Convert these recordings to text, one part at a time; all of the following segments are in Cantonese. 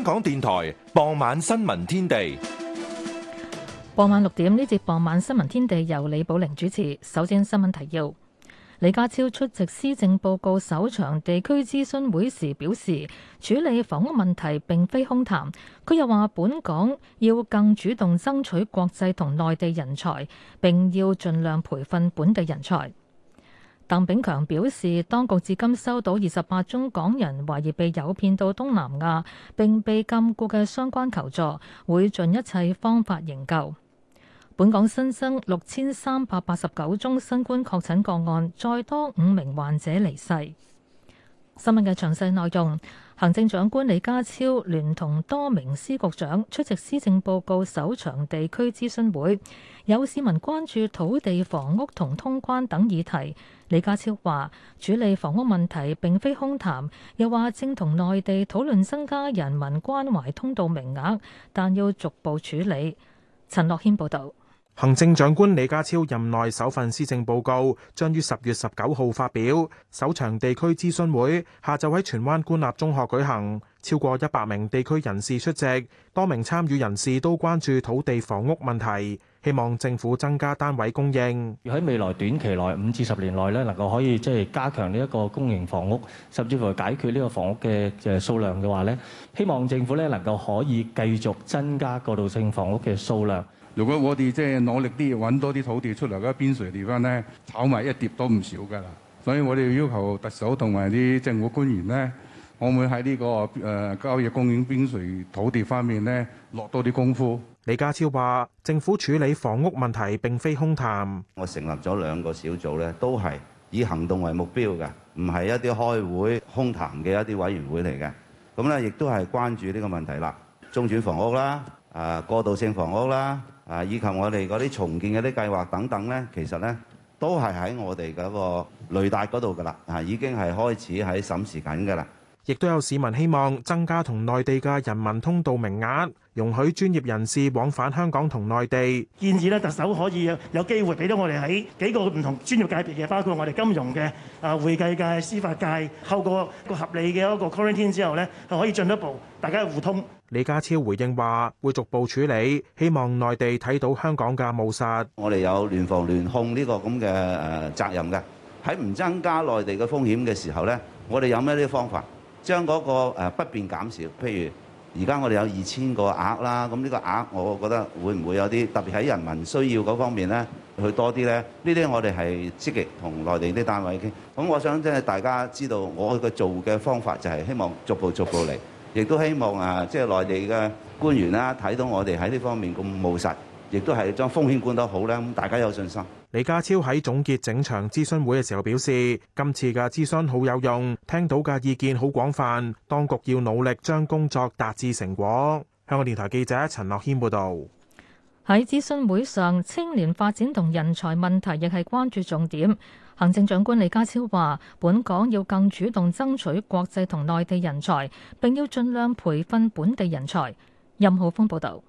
香港電台傍晚新聞天地，傍晚六點呢節傍晚新聞天地由李寶玲主持。首先新聞提要：李家超出席施政報告首場地區諮詢會時表示，處理房屋問題並非空談。佢又話，本港要更主動爭取國際同內地人才，並要盡量培訓本地人才。鄧炳強表示，當局至今收到二十八宗港人懷疑被誘騙到東南亞並被禁錮嘅相關求助，會盡一切方法營救。本港新增六千三百八十九宗新冠確診個案，再多五名患者離世。新聞嘅詳細內容。行政長官李家超聯同多名司局長出席施政報告首場地區諮詢會，有市民關注土地、房屋同通關等議題。李家超話：處理房屋問題並非空談，又話正同內地討論增加人民關懷通道名額，但要逐步處理。陳樂軒報導。行政長官李家超任內首份施政報告將於十月十九號發表。首場地區諮詢會下晝喺荃灣官立中學舉行，超過一百名地區人士出席，多名參與人士都關注土地房屋問題，希望政府增加單位供應。喺未來短期內五至十年內咧，能夠可以即係加強呢一個公營房屋，甚至乎解決呢個房屋嘅誒數量嘅話咧，希望政府咧能夠可以繼續增加過渡性房屋嘅數量。如果我哋即係努力啲，揾多啲土地出嚟嘅邊陲地方咧，炒埋一碟都唔少㗎喇。所以我哋要求特首同埋啲政府官員咧，我會喺呢個誒、呃、郊野公園邊陲土地方面咧落多啲功夫。李家超話：政府處理房屋問題並非空談。我成立咗兩個小組咧，都係以行動為目標嘅，唔係一啲開會空談嘅一啲委員會嚟嘅。咁咧亦都係關注呢個問題啦，中轉房屋啦，啊、呃、過渡性房屋啦。啊，以及我哋嗰啲重建嗰啲計劃等等咧，其實咧都係喺我哋嗰個雷達嗰度噶啦，啊已經係開始喺審視緊噶啦。亦都有市民希望增加同內地嘅人民通道名額，容許專業人士往返香港同內地。建議咧，特首可以有機會俾到我哋喺幾個唔同專業界別嘅，包括我哋金融嘅、啊會計界、司法界，透過個合理嘅一個 quarantine 之後咧，係可以進一步大家互通。李家超回應話：會逐步處理，希望內地睇到香港嘅務實。我哋有聯防聯控呢個咁嘅誒責任嘅，喺唔增加內地嘅風險嘅時候咧，我哋有咩呢個方法？將嗰個不便減少，譬如而家我哋有二千個額啦，咁呢個額我覺得會唔會有啲特別喺人民需要嗰方面咧，去多啲咧？呢啲我哋係積極同內地啲單位傾。咁我想即係大家知道我個做嘅方法就係希望逐步逐步嚟，亦都希望誒即係內地嘅官員啦，睇到我哋喺呢方面咁務實，亦都係將風險管得好咧，咁大家有信心。李家超喺總結整場諮詢會嘅時候表示，今次嘅諮詢好有用，聽到嘅意見好廣泛，當局要努力將工作達至成果。香港電台記者陳樂謙報道。喺諮詢會上，青年發展同人才問題亦係關注重點。行政長官李家超話，本港要更主動爭取國際同內地人才，並要盡量培訓本地人才。任浩峰報道。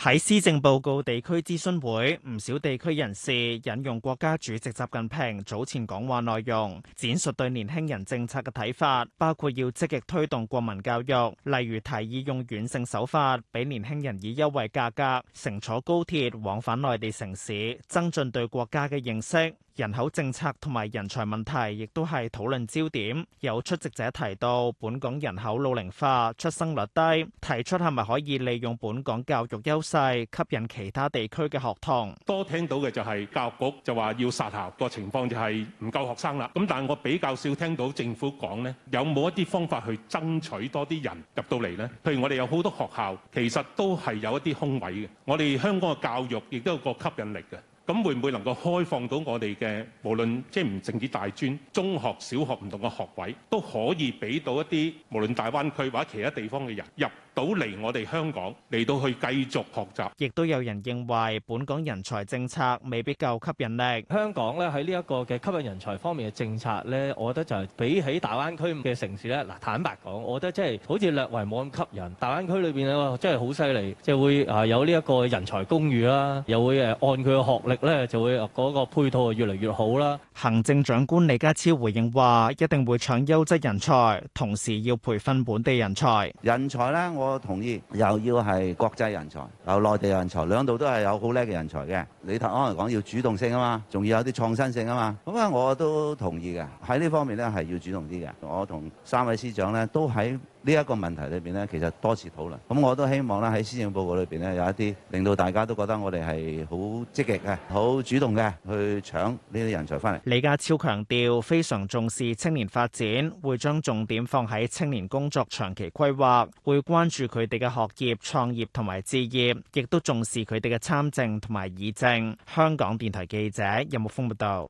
喺施政報告地區諮詢會，唔少地區人士引用國家主席習近平早前講話內容，展述對年輕人政策嘅睇法，包括要積極推動國民教育，例如提議用軟性手法，俾年輕人以優惠價格乘坐高鐵往返內地城市，增進對國家嘅認識。人口政策同埋人才問題亦都係討論焦點。有出席者提到，本港人口老齡化、出生率低，提出係咪可以利用本港教育優勢吸引其他地區嘅學童？多聽到嘅就係教育局就話要殺校個情況就係唔夠學生啦。咁但係我比較少聽到政府講咧有冇一啲方法去爭取多啲人入到嚟咧。譬如我哋有好多學校其實都係有一啲空位嘅。我哋香港嘅教育亦都有個吸引力嘅。咁會唔會能夠開放到我哋嘅無論即係唔淨止大專、中學、小學唔同嘅學位，都可以俾到一啲無論大灣區或者其他地方嘅人入？到嚟我哋香港嚟到去繼續學習，亦都有人認為本港人才政策未必夠吸引力。香港咧喺呢一個嘅吸引人才方面嘅政策咧，我覺得就係比起大灣區嘅城市咧，嗱坦白講，我覺得即係好似略為冇咁吸引。大灣區裏邊咧，真係好犀利，即係會啊有呢一個人才公寓啦，又會誒按佢嘅學歷咧，就會嗰個配套越嚟越好啦。行政長官李家超回應話一定會搶優質人才，同時要培訓本地人才。人才咧，我。我同意，又要係國際人才，又內地人才，兩度都係有好叻嘅人才嘅。你頭先講，要主動性啊嘛，仲要有啲創新性啊嘛。咁啊，我都同意嘅。喺呢方面咧，係要主動啲嘅。我同三位司長咧都喺。呢一個問題裏邊呢，其實多次討論。咁我都希望咧，喺施政報告裏邊呢，有一啲令到大家都覺得我哋係好積極嘅、好主動嘅，去搶呢啲人才翻嚟。李家超強調，非常重視青年發展，會將重點放喺青年工作長期規劃，會關注佢哋嘅學業、創業同埋置業，亦都重視佢哋嘅參政同埋議政。香港電台記者任木豐報道。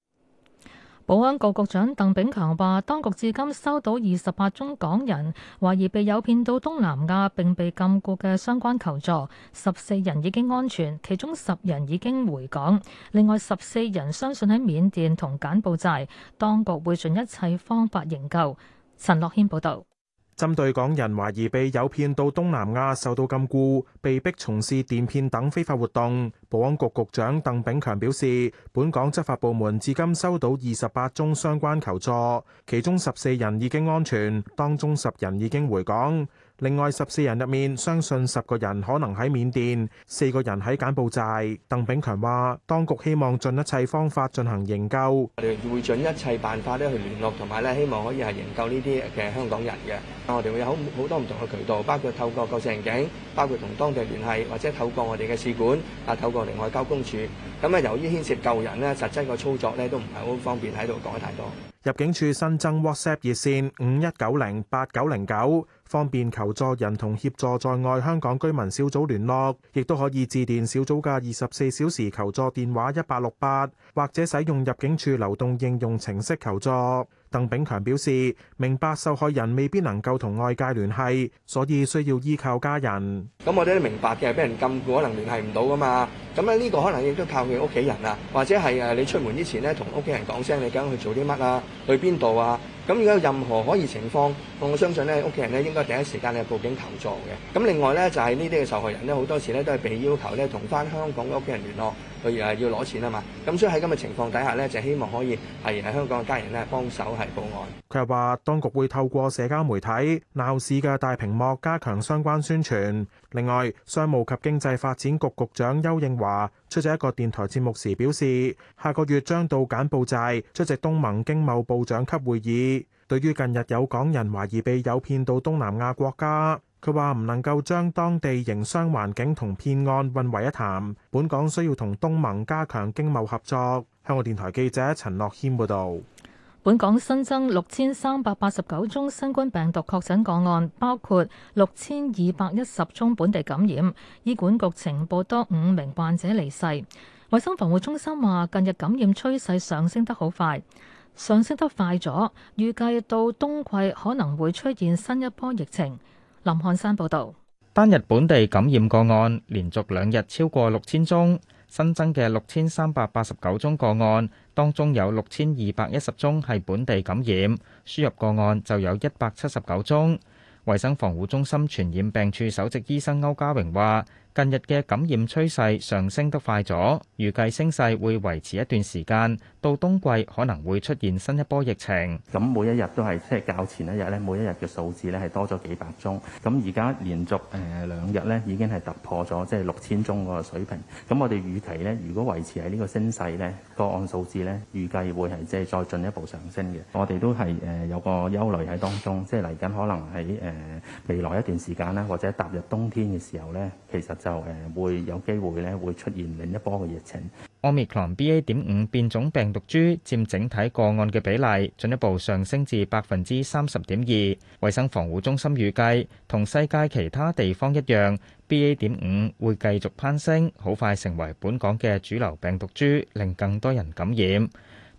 保安局局長鄧炳強話，當局至今收到二十八宗港人懷疑被誘騙到東南亞並被禁錮嘅相關求助，十四人已經安全，其中十人已經回港，另外十四人相信喺緬甸同柬埔寨，當局會盡一切方法營救。陳樂謙報道。針對港人懷疑被誘騙到東南亞受到禁錮，被逼從事電騙等非法活動，保安局局長鄧炳強表示，本港執法部門至今收到二十八宗相關求助，其中十四人已經安全，當中十人已經回港。另外十四人入面，相信十個人可能喺緬甸，四個人喺柬埔寨。鄧炳強話，當局希望盡一切方法進行營救。我哋會盡一切辦法咧去聯絡，同埋咧希望可以係營救呢啲嘅香港人嘅。我哋會有好多唔同嘅渠道，包括透過國際刑警，包括同當地聯繫，或者透過我哋嘅使館啊，透過另外交公署。咁啊，由於牽涉救人咧，實際個操作咧都唔係好方便，喺度講太多。入境處新增 WhatsApp 熱線：五一九零八九零九。方便求助人同協助在外香港居民小組聯絡，亦都可以致電小組嘅二十四小時求助電話一八六八，或者使用入境處流動應用程式求助。鄧炳強表示，明白受害人未必能夠同外界聯繫，所以需要依靠家人。咁我哋都明白嘅，俾人禁錮可能聯繫唔到噶嘛。咁咧呢個可能亦都靠佢屋企人啦，或者係誒你出門之前咧，同屋企人講聲你今日去做啲乜啊，去邊度啊。咁如果有任何可疑情況，我相信咧，屋企人咧應該第一時間咧報警求助嘅。咁另外咧就係呢啲嘅受害人咧，好多時咧都係被要求咧同翻香港嘅屋企人聯絡，譬如係要攞錢啊嘛。咁所以喺噉嘅情況底下咧，就希望可以係喺香港嘅家人咧幫手係報案。佢又話，當局會透過社交媒體、鬧市嘅大屏幕加強相關宣傳。另外，商務及經濟發展局局長丘應樺出席一個電台節目時表示，下個月將到柬埔寨出席東盟經貿部長級會議。對於近日有港人懷疑被誘騙到東南亞國家，佢話唔能夠將當地營商環境同騙案混為一談。本港需要同東盟加強經貿合作。香港電台記者陳樂軒報導。本港新增六千三百八十九宗新冠病毒確診個案，包括六千二百一十宗本地感染。醫管局呈報多五名患者離世。衛生防護中心話，近日感染趨勢上升得好快，上升得快咗，預計到冬季可能會出現新一波疫情。林漢山報道，單日本地感染個案連續兩日超過六千宗，新增嘅六千三百八十九宗個案。當中有六千二百一十宗係本地感染，輸入個案就有一百七十九宗。衞生防護中心傳染病處首席醫生歐家榮話。近日嘅感染趨勢上升得快咗，預計升勢會維持一段時間，到冬季可能會出現新一波疫情。咁每一日都係即係較前一日咧，每一日嘅數字咧係多咗幾百宗。咁而家連續誒兩日咧已經係突破咗即係六千宗個水平。咁我哋預期咧，如果維持喺呢個升勢咧，個案數字咧預計會係即係再進一步上升嘅。我哋都係誒有個憂慮喺當中，即係嚟緊可能喺誒未來一段時間咧，或者踏入冬天嘅時候咧，其實就就誒會有機會咧，會出現另一波嘅疫情。奧密克隆 BA. 點五變種病毒株佔整體個案嘅比例進一步上升至百分之三十點二。衛生防護中心預計同世界其他地方一樣，BA. 點五會繼續攀升，好快成為本港嘅主流病毒株，令更多人感染。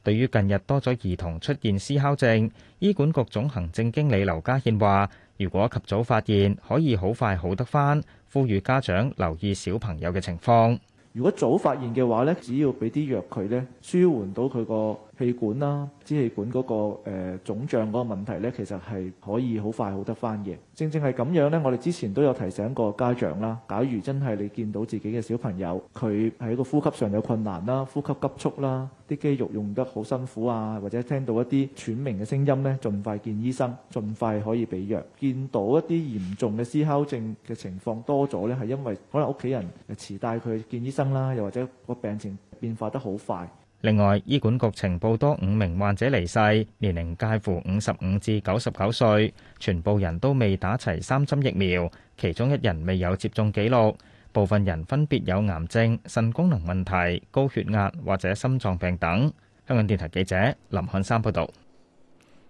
對於近日多咗兒童出現思考症，醫管局總行政經理劉家獻話。如果及早發現，可以好快好得返。呼籲家長留意小朋友嘅情況。如果早發現嘅話咧，只要俾啲藥佢咧，舒緩到佢個氣管啦、支氣管嗰個誒腫脹嗰個問題咧，其實係可以好快好得翻嘅。正正係咁樣咧，我哋之前都有提醒過家長啦。假如真係你見到自己嘅小朋友佢喺個呼吸上有困難啦、呼吸急促啦、啲肌肉用得好辛苦啊，或者聽到一啲喘鳴嘅聲音咧，盡快見醫生，盡快可以俾藥。見到一啲嚴重嘅哮喘症嘅情況多咗咧，係因為可能屋企人遲帶佢見醫生啦，又或者個病情變化得好快。另外，醫管局呈報多五名患者離世，年齡介乎五十五至九十九歲，全部人都未打齊三針疫苗，其中一人未有接種記錄，部分人分別有癌症、腎功能問題、高血壓或者心臟病等。香港電台記者林漢山報道。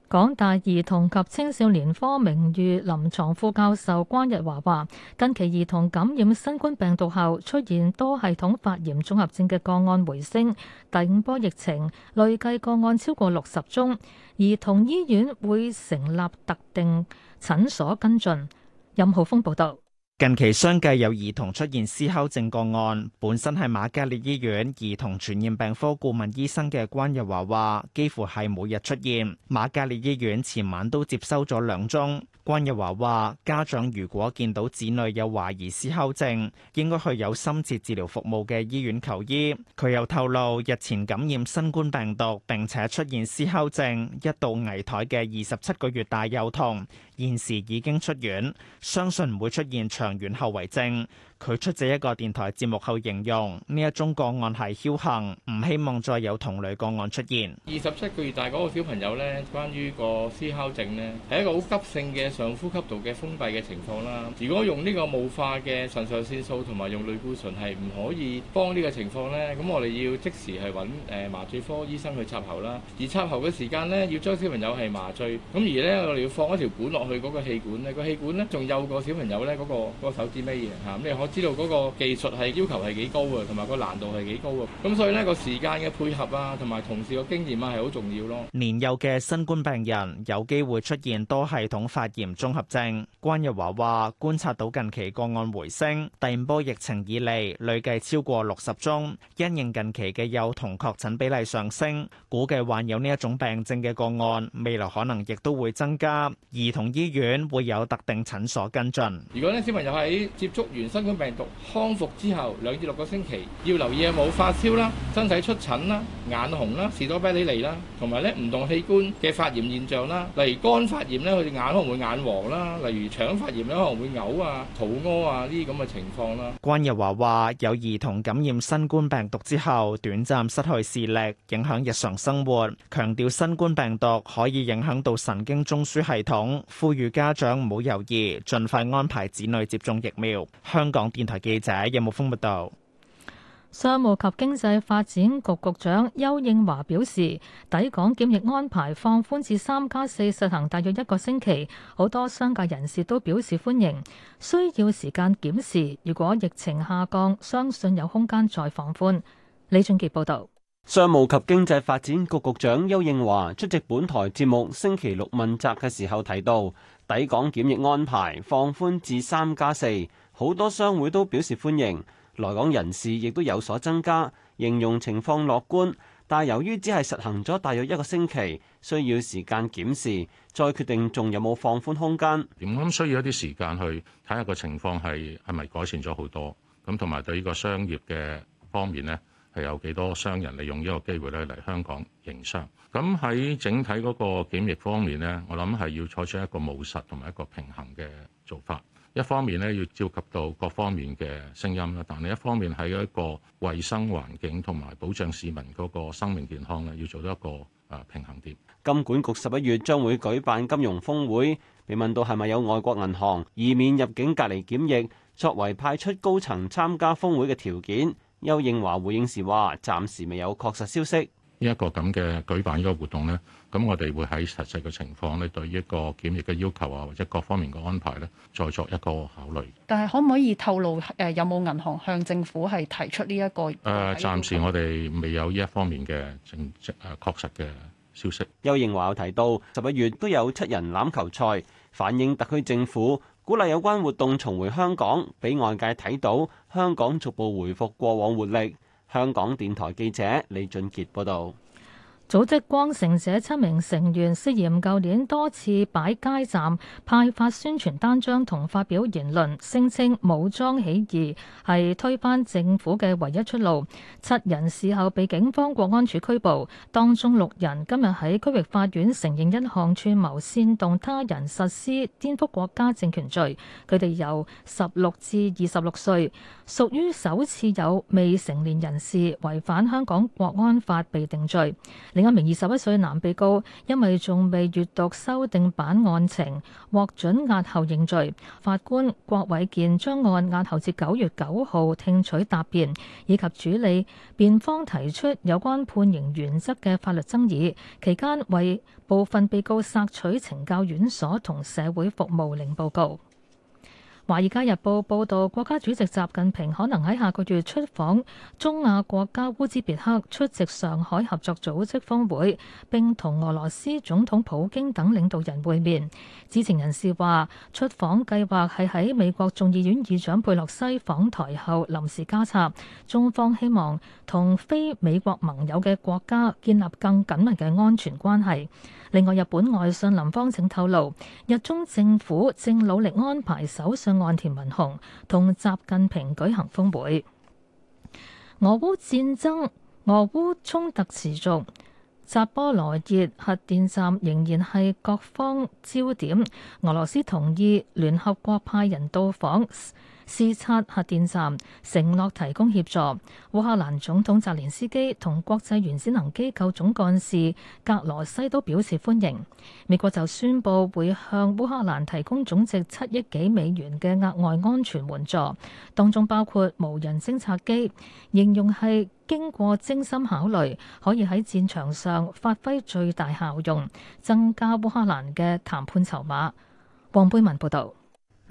港大兒童及青少年科名譽臨床副教授關日華話：近期兒童感染新冠病毒後出現多系統發炎綜合症嘅個案回升，第五波疫情累計個案超過六十宗，兒童醫院會成立特定診所跟進。任浩峰報導。近期相繼有兒童出現思考症個案，本身係瑪嘉烈醫院兒童傳染病科顧問醫生嘅關日華話，幾乎係每日出現。瑪嘉烈醫院前晚都接收咗兩宗。關日華話，家長如果見到子女有懷疑思考症，應該去有深切治療服務嘅醫院求醫。佢又透露，日前感染新冠病毒並且出現思考症，一度危殆嘅二十七個月大幼童，現時已經出院，相信唔會出現長遠後遺症。佢出席一個電台節目後，形容呢一宗個案係僥幸，唔希望再有同類個案出現。二十七個月大嗰個小朋友呢，關於個思考症呢，咧，係一個好急性嘅上呼吸道嘅封閉嘅情況啦。如果用呢個霧化嘅腎上腺素同埋用類固醇係唔可以幫呢個情況呢，咁我哋要即時係揾麻醉科醫生去插喉啦。而插喉嘅時間呢，要將小朋友係麻醉。咁而呢，我哋要放一條管落去嗰個氣管呢，嗰個氣管呢，仲幼過小朋友呢，嗰，嗰個嗰個手指尾嚇咩可？知道嗰個技術係要求係幾高嘅，同埋個難度係幾高嘅。咁所以呢個時間嘅配合啊，同埋同事個經驗啊，係好重要咯。年幼嘅新冠病人有機會出現多系統發炎綜合症。關日華話：觀察到近期個案回升，第五波疫情以嚟累計超過六十宗，因應近期嘅幼童確診比例上升，估計患有呢一種病症嘅個案未來可能亦都會增加。兒童醫院會有特定診所跟進。如果呢小朋友喺接觸完新冠病毒康復之後，兩至六個星期要留意有冇發燒啦、身體出疹啦、眼紅啦、士多啤梨嚟啦，同埋咧唔同器官嘅發炎現象啦，例如肝發炎咧佢哋眼可能會眼黃啦，例如腸發炎咧可能會嘔啊、肚屙啊呢啲咁嘅情況啦。關日華話：有兒童感染新冠病毒之後，短暫失去視力，影響日常生活。強調新冠病毒可以影響到神經中樞系統，呼籲家長唔好猶豫，盡快安排子女接種疫苗。香港。電台記者任木峰報道，有有商務及經濟發展局局長邱應華表示，抵港檢疫安排放寬至三加四，4, 實行大約一個星期，好多商界人士都表示歡迎。需要時間檢視，如果疫情下降，相信有空間再放寬。李俊傑報道，商務及經濟發展局局長邱應華出席本台節目星期六問責嘅時候提到，抵港檢疫安排放寬至三加四。4, 好多商會都表示歡迎，來港人士亦都有所增加，形容情況樂觀，但由於只係實行咗大約一個星期，需要時間檢視，再決定仲有冇放寬空間。咁需要一啲時間去睇下個情況，係，係咪改善咗好多。咁同埋對呢個商業嘅方面咧，係有幾多商人利用呢個機會咧嚟香港營商。咁喺整體嗰個檢疫方面咧，我諗，係要採取一個務實同埋一個平衡嘅做法。一方面咧要召集到各方面嘅聲音啦，但另一方面係一個衛生環境同埋保障市民嗰個生命健康咧，要做到一個啊平衡點。金管局十一月將會舉辦金融峰會，被問到係咪有外國銀行以免入境隔離檢疫作為派出高層參加峰會嘅條件，邱應華回應時話，暫時未有確實消息。呢一個咁嘅舉辦呢個活動呢，咁我哋會喺實際嘅情況咧，對呢一個檢疫嘅要求啊，或者各方面嘅安排呢，再作一個考慮。但係可唔可以透露誒有冇銀行向政府係提出呢一個？誒、呃，暫時我哋未有呢一方面嘅正誒確實嘅消息。丘應樺有提到十一月都有七人欖球賽，反映特區政府鼓勵有關活動重回香港，俾外界睇到香港逐步回復過往活力。香港電台記者李俊杰報道。組織光城者七名成員涉嫌舊年多次擺街站、派發宣傳單張同發表言論，聲稱武裝起義係推翻政府嘅唯一出路。七人事後被警方國安處拘捕，當中六人今日喺區域法院承認一項串謀煽動他人實施顛覆國家政權罪。佢哋由十六至二十六歲，屬於首次有未成年人士違反香港國安法被定罪。另一名二十一歲男被告，因為仲未閱讀修訂版案情，獲准押後認罪。法官郭偉健將案押後至九月九號聽取答辯以及處理辯方提出有關判刑原則嘅法律爭議。期間為部分被告索取懲教院所同社會服務令報告。《華爾街日報》報導，國家主席習近平可能喺下個月出訪中亞國家烏茲別克，出席上海合作組織峰會，並同俄羅斯總統普京等領導人會面。知情人士話，出訪計劃係喺美國眾議院議長佩洛西訪台後臨時加插，中方希望同非美國盟友嘅國家建立更緊密嘅安全關係。另外，日本外相林芳正透露，日中政府正努力安排首相岸田文雄同習近平舉行峰會。俄烏戰爭、俄烏衝突持續，扎波羅熱核電站仍然係各方焦點，俄羅斯同意聯合國派人到訪，視察核電站，承諾提供協助。烏克蘭總統澤連斯基同國際原子能機構總幹事格羅西都表示歡迎。美國就宣布會向烏克蘭提供總值七億幾美元嘅額外安全援助，當中包括無人偵察機，形容係經過精心考慮，可以喺戰場上發揮最大效用，增加烏克蘭嘅談判籌碼。王貝文報導。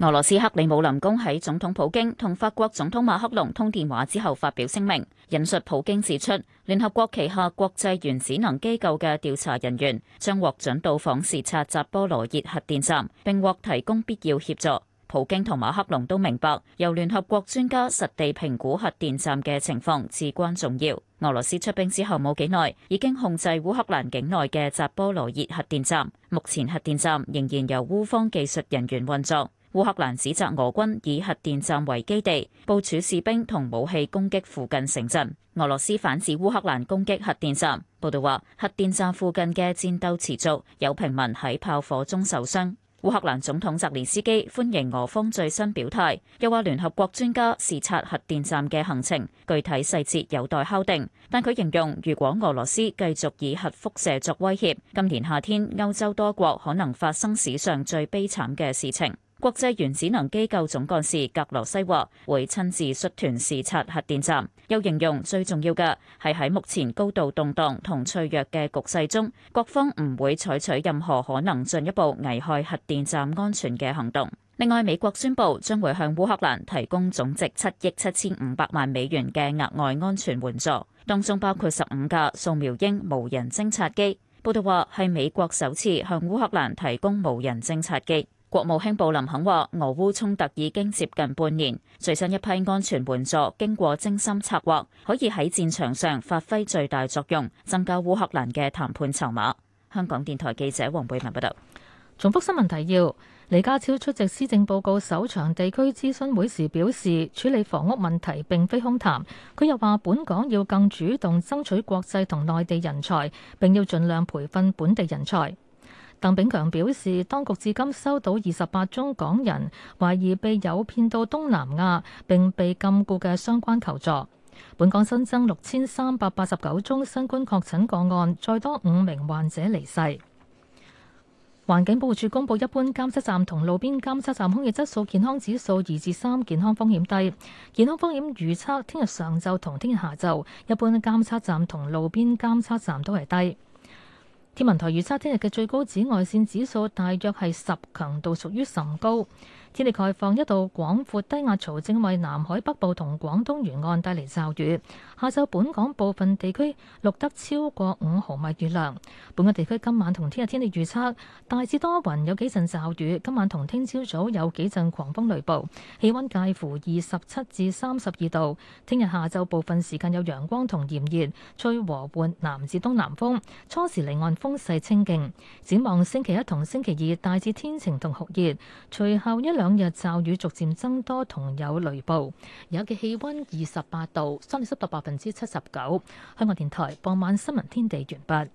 俄羅斯克里姆林宮喺總統普京同法國總統馬克龍通電話之後發表聲明，引述普京指出，聯合國旗下國際原子能機構嘅調查人員將獲准到訪視察扎波羅熱核電站，並獲提供必要協助。普京同馬克龍都明白，由聯合國專家實地評估核電站嘅情況至關重要。俄羅斯出兵之後冇幾耐，已經控制烏克蘭境內嘅扎波羅熱核電站，目前核電站仍然由烏方技術人員運作。烏克蘭指責俄軍以核電站為基地部署士兵同武器，攻擊附近城鎮。俄羅斯反指烏克蘭攻擊核電站。報道話，核電站附近嘅戰鬥持續，有平民喺炮火中受傷。烏克蘭總統澤連斯基歡迎俄方最新表態，又話聯合國專家視察核電站嘅行程具體細節有待敲定，但佢形容，如果俄羅斯繼續以核輻射作威脅，今年夏天歐洲多國可能發生史上最悲慘嘅事情。國際原子能機構總幹事格羅西話，會親自率團視察核電站，又形容最重要嘅係喺目前高度動盪同脆弱嘅局勢中，各方唔會採取任何可能進一步危害核電站安全嘅行動。另外，美國宣布將會向烏克蘭提供總值七億七千五百萬美元嘅額外安全援助，當中包括十五架掃描鷹無人偵察機。報道話係美國首次向烏克蘭提供無人偵察機。國務卿布林肯話：俄烏衝突已經接近半年，最新一批安全援助經過精心策劃，可以喺戰場上發揮最大作用，增加烏克蘭嘅談判籌碼。香港電台記者黃貝文報道。重複新聞提要：李家超出席施政報告首場地區諮詢會時表示，處理房屋問題並非空談。佢又話，本港要更主動爭取國際同內地人才，並要盡量培訓本地人才。鄧炳強表示，當局至今收到二十八宗港人懷疑被誘騙到東南亞並被禁錮嘅相關求助。本港新增六千三百八十九宗新冠確診個案，再多五名患者離世。環境保護署公佈，一般監測站同路邊監測站空氣質素健康指數二至三，健康風險低。健康風險預測，聽日上晝同聽日下晝，一般監測站同路邊監測站都係低。天文台預測聽日嘅最高紫外線指數大約係十，強度屬於甚高。天氣概況，一道廣闊低壓槽正為南海北部同廣東沿岸帶嚟驟雨。下晝本港部分地區錄得超過五毫米雨量。本港地區今晚同聽日天氣預測大致多雲，有幾陣驟雨。今晚同聽朝早有幾陣狂風雷暴。氣温介乎二十七至三十二度。聽日下晝部分時間有陽光同炎熱，吹和緩南至東南風。初時離岸風勢清勁。展望星期一同星期二大致天晴同酷熱，隨後一兩日驟雨逐漸增多，同有雷暴。而家嘅氣温二十八度，相對濕度百分之七十九。香港電台傍晚新聞天地完畢。